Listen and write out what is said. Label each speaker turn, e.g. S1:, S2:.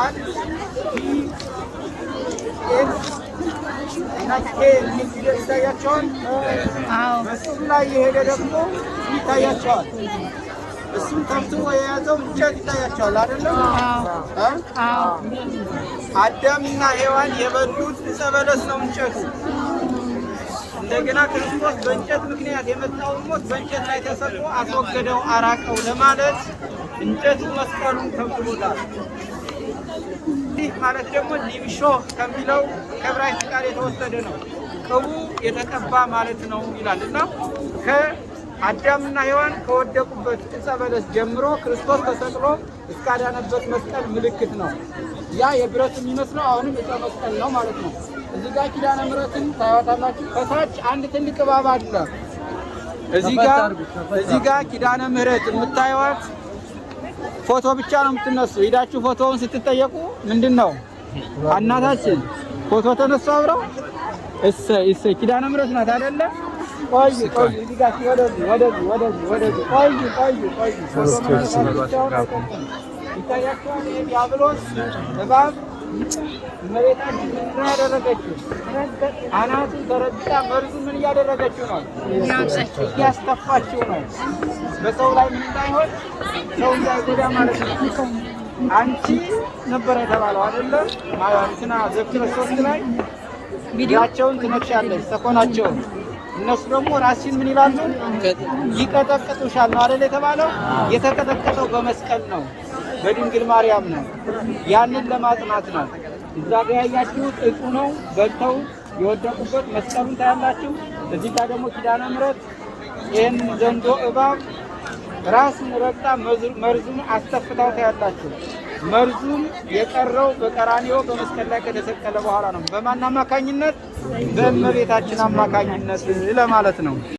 S1: አንድ እና ኬ የሚል ይታያቸዋል። በሱም ላይ የሄደ ደግሞ ይታያቸዋል። እሱም ከብቶ የያዘው እንጨት ይታያቸዋል አይደለም። አዳምና ሔዋን የበሉት ዕፀ በለስ ነው እንጨቱ። እንደገና ክርስቶስ በእንጨት ምክንያት የመጣውን ሞት በእንጨት ላይ ተሰቅሎ አስወገደው፣ አራቀው ለማለት እንጨቱ መስቀሉን ከብቶታል። ይህ ማለት ደግሞ ሊብሾ ከሚለው ከብራይት ቃል የተወሰደ ነው። ቅቡ የተቀባ ማለት ነው ይላል እና ከአዳምና ሔዋን ከወደቁበት ዕፀ በለስ ጀምሮ ክርስቶስ ተሰቅሎ እስካዳነበት መስቀል ምልክት ነው። ያ የብረት የሚመስለው አሁንም ዕፀ መስቀል ነው ማለት ነው። እዚህ ጋር ኪዳነ ምሕረትን ታያታላችሁ። ከታች አንድ ትልቅ እባብ አለ። እዚህ ጋር ኪዳነ ምሕረት የምታዩዋት ፎቶ ብቻ ነው የምትነሱ። ሄዳችሁ ፎቶውን ስትጠየቁ ምንድን ነው አናታችን ፎቶ ተነሱ አብረው እሰ እሰ ኪዳነ ምሕረት ናት አይደለ? ቆይ ቆይ ወደዚህ ወደዚህ ወደዚህ ወደዚህ ቆይ ቆይ ቆይ እመቤታችን ያደረገችው? አናቱ ተረግጣ መርዙ ምን እያደረገችው ነው? እያስተፋችው ነው። በሰው ላይ ምን እንዳይሆን ሰው እንዳይጎዳ ማለት ነው። አንቺ ነበረ የተባለው አይደለም። እንትና ዘክረ ሶስት ላይ ቪዲዮቸውን ትነክሻለች ሰኮናቸውን እነሱ ደግሞ ራሲን ምን ይላሉ? ይቀጠቅጡሻል ነው አይደል የተባለው። የተቀጠቀጠው በመስቀል ነው፣ በድንግል ማርያም ነው። ያንን ለማጽናት ነው። እዛ ጋ ያያችሁት እጹ ነው፣ በልተው የወደቁበት መስቀሉን ታያላችሁ። እዚህ ጋር ደግሞ ኪዳነ ምሕረት ይህን ዘንዶ እባብ ራሱን ረግጣ መርዙን አስተፍታው ታያላችሁ። መርዙም የቀረው በቀራኒዮ በመስቀል ላይ ከተሰቀለ በኋላ ነው። በማን አማካኝነት? በእመቤታችን አማካኝነት ለማለት ነው።